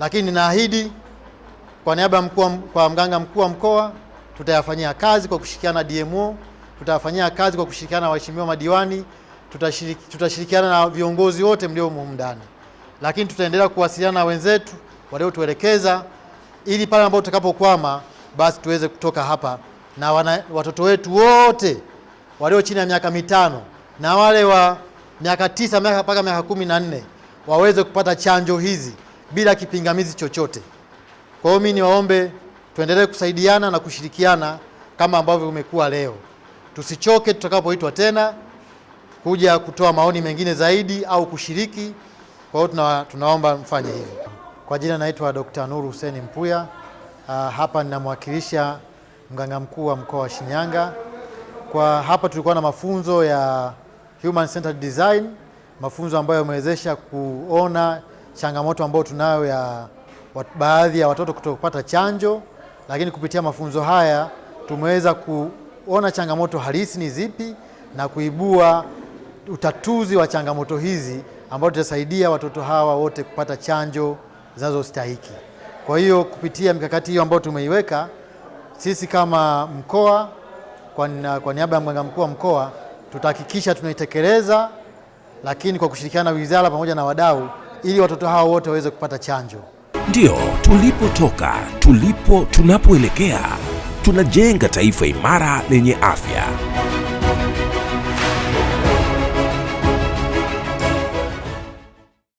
lakini ninaahidi kwa niaba ya mkuu kwa mganga mkuu wa mkoa tutayafanyia kazi kwa kushirikiana na DMO, tutayafanyia kazi kwa kushirikiana na waheshimiwa madiwani, tutashiriki, tutashirikiana na viongozi wote mlio humu ndani, lakini tutaendelea kuwasiliana na wenzetu waliotuelekeza ili pale ambapo tutakapokwama basi tuweze kutoka hapa na wana, watoto wetu wote walio chini ya miaka mitano na wale wa miaka tisa mpaka miaka kumi na nne waweze kupata chanjo hizi bila kipingamizi chochote. Kwa hiyo mimi niwaombe tuendelee kusaidiana na kushirikiana kama ambavyo umekuwa leo. Tusichoke tutakapoitwa tena kuja kutoa maoni mengine zaidi au kushiriki. Kwa hiyo tuna, tunaomba mfanye hivyo. Kwa jina naitwa Dr. Nuru Hussein Mpuya. Uh, hapa ninamwakilisha mganga mkuu wa mkoa wa Shinyanga. Kwa hapa tulikuwa na mafunzo ya Human Centered Design, mafunzo ambayo yamewezesha kuona changamoto ambayo tunayo ya baadhi ya watoto kutopata chanjo, lakini kupitia mafunzo haya tumeweza kuona changamoto halisi ni zipi na kuibua utatuzi wa changamoto hizi ambao tutasaidia watoto hawa wote kupata chanjo zinazostahiki. Kwa hiyo kupitia mikakati hiyo ambayo tumeiweka sisi kama mkoa kwa, kwa niaba ya mganga mkuu wa mkoa tutahakikisha tunaitekeleza, lakini kwa kushirikiana na wizara pamoja na wadau ili watoto hao wote waweze kupata chanjo. Ndio tulipotoka, tulipo tunapoelekea, tunajenga taifa imara lenye afya.